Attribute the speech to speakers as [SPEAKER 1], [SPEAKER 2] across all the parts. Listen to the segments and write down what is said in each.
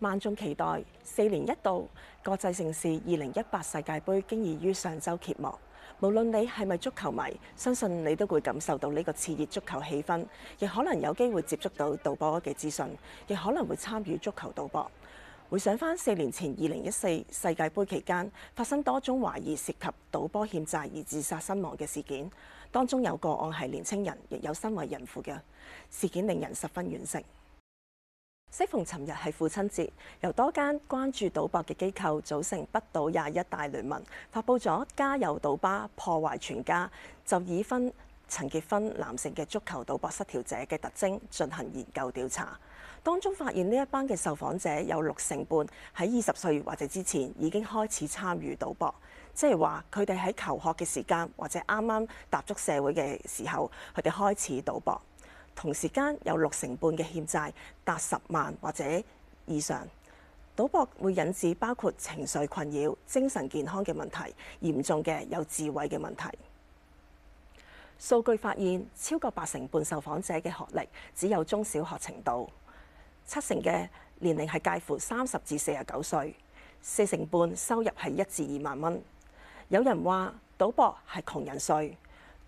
[SPEAKER 1] 萬眾期待，四年一度國際盛事二零一八世界盃經已於上週揭幕。無論你係咪足球迷，相信你都會感受到呢個熾熱足球氣氛，亦可能有機會接觸到賭波嘅資訊，亦可能會參與足球賭博。回想返四年前二零一四世界盃期間，發生多宗懷疑涉及賭波欠債而自殺身亡嘅事件，當中有個案係年青人，亦有身為人父嘅事件，令人十分惋惜。適逢尋日係父親節，由多間關注賭博嘅機構組成不賭廿一大聯盟，發布咗《家有賭爸，破壞全家》，就已婚、曾結婚男性嘅足球賭博失調者嘅特徵進行研究調查。當中發現呢一班嘅受訪者有六成半喺二十歲或者之前已經開始參與賭博，即係話佢哋喺求學嘅時間或者啱啱踏足社會嘅時候，佢哋開始賭博。同時間有六成半嘅欠債達十萬或者以上，賭博會引致包括情緒困擾、精神健康嘅問題、嚴重嘅有自毀嘅問題。數據發現，超過八成半受訪者嘅學歷只有中小學程度，七成嘅年齡係介乎三十至四十九歲，四成半收入係一至二萬蚊。有人話賭博係窮人稅。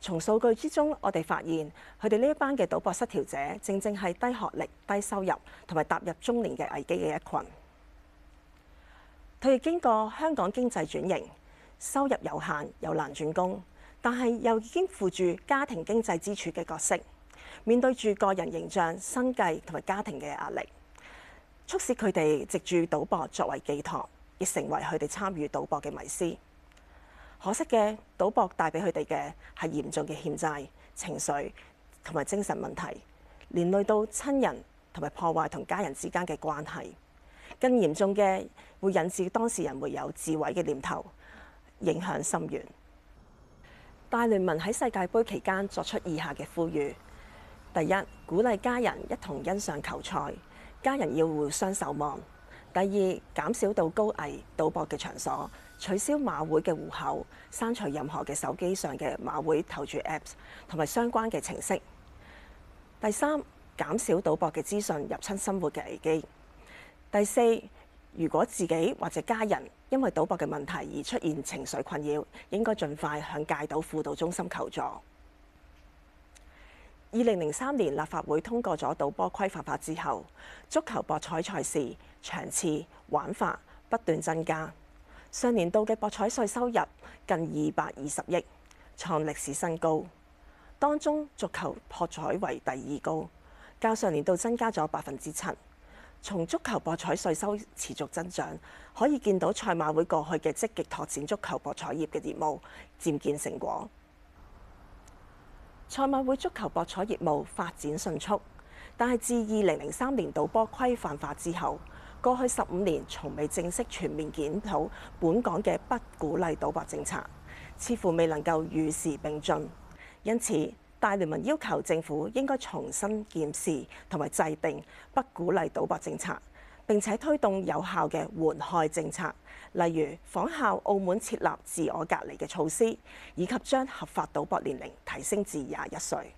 [SPEAKER 1] 從數據之中，我哋發現佢哋呢一班嘅賭博失調者，正正係低學歷、低收入同埋踏入中年嘅危機嘅一群。佢哋經過香港經濟轉型，收入有限，又難轉工，但係又已兼負住家庭經濟支柱嘅角色，面對住個人形象、生計同埋家庭嘅壓力，促使佢哋藉住賭博作為寄託，亦成為佢哋參與賭博嘅迷思。可惜嘅，賭博帶俾佢哋嘅係嚴重嘅欠債、情緒同埋精神問題，連累到親人同埋破壞同家人之間嘅關係。更嚴重嘅會引致當事人會有自毀嘅念頭，影響深遠。大聯盟喺世界盃期間作出以下嘅呼籲：第一，鼓勵家人一同欣賞球賽，家人要互相守望。第二，減少到高危賭博嘅場所，取消馬會嘅戶口，刪除任何嘅手機上嘅馬會投注 Apps 同埋相關嘅程式。第三，減少賭博嘅資訊入侵生活嘅危機。第四，如果自己或者家人因為賭博嘅問題而出現情緒困擾，應該盡快向戒賭輔導中心求助。二零零三年立法會通過咗賭波規範化之後，足球博彩賽事場次玩法不斷增加。上年度嘅博彩稅收入近二百二十億，創歷史新高。當中足球博彩為第二高，較上年度增加咗百分之七。從足球博彩稅收持續增長，可以見到賽馬會過去嘅積極拓展足球博彩業嘅業務漸見成果。賽馬會足球博彩業務發展迅速，但係自二零零三年賭波規範化之後，過去十五年從未正式全面檢討本港嘅不鼓勵賭博政策，似乎未能夠與時並進。因此，大聯盟要求政府應該重新檢視同埋制定不鼓勵賭博政策。並且推動有效嘅緩害政策，例如仿效澳門設立自我隔離嘅措施，以及將合法賭博年齡提升至廿一歲。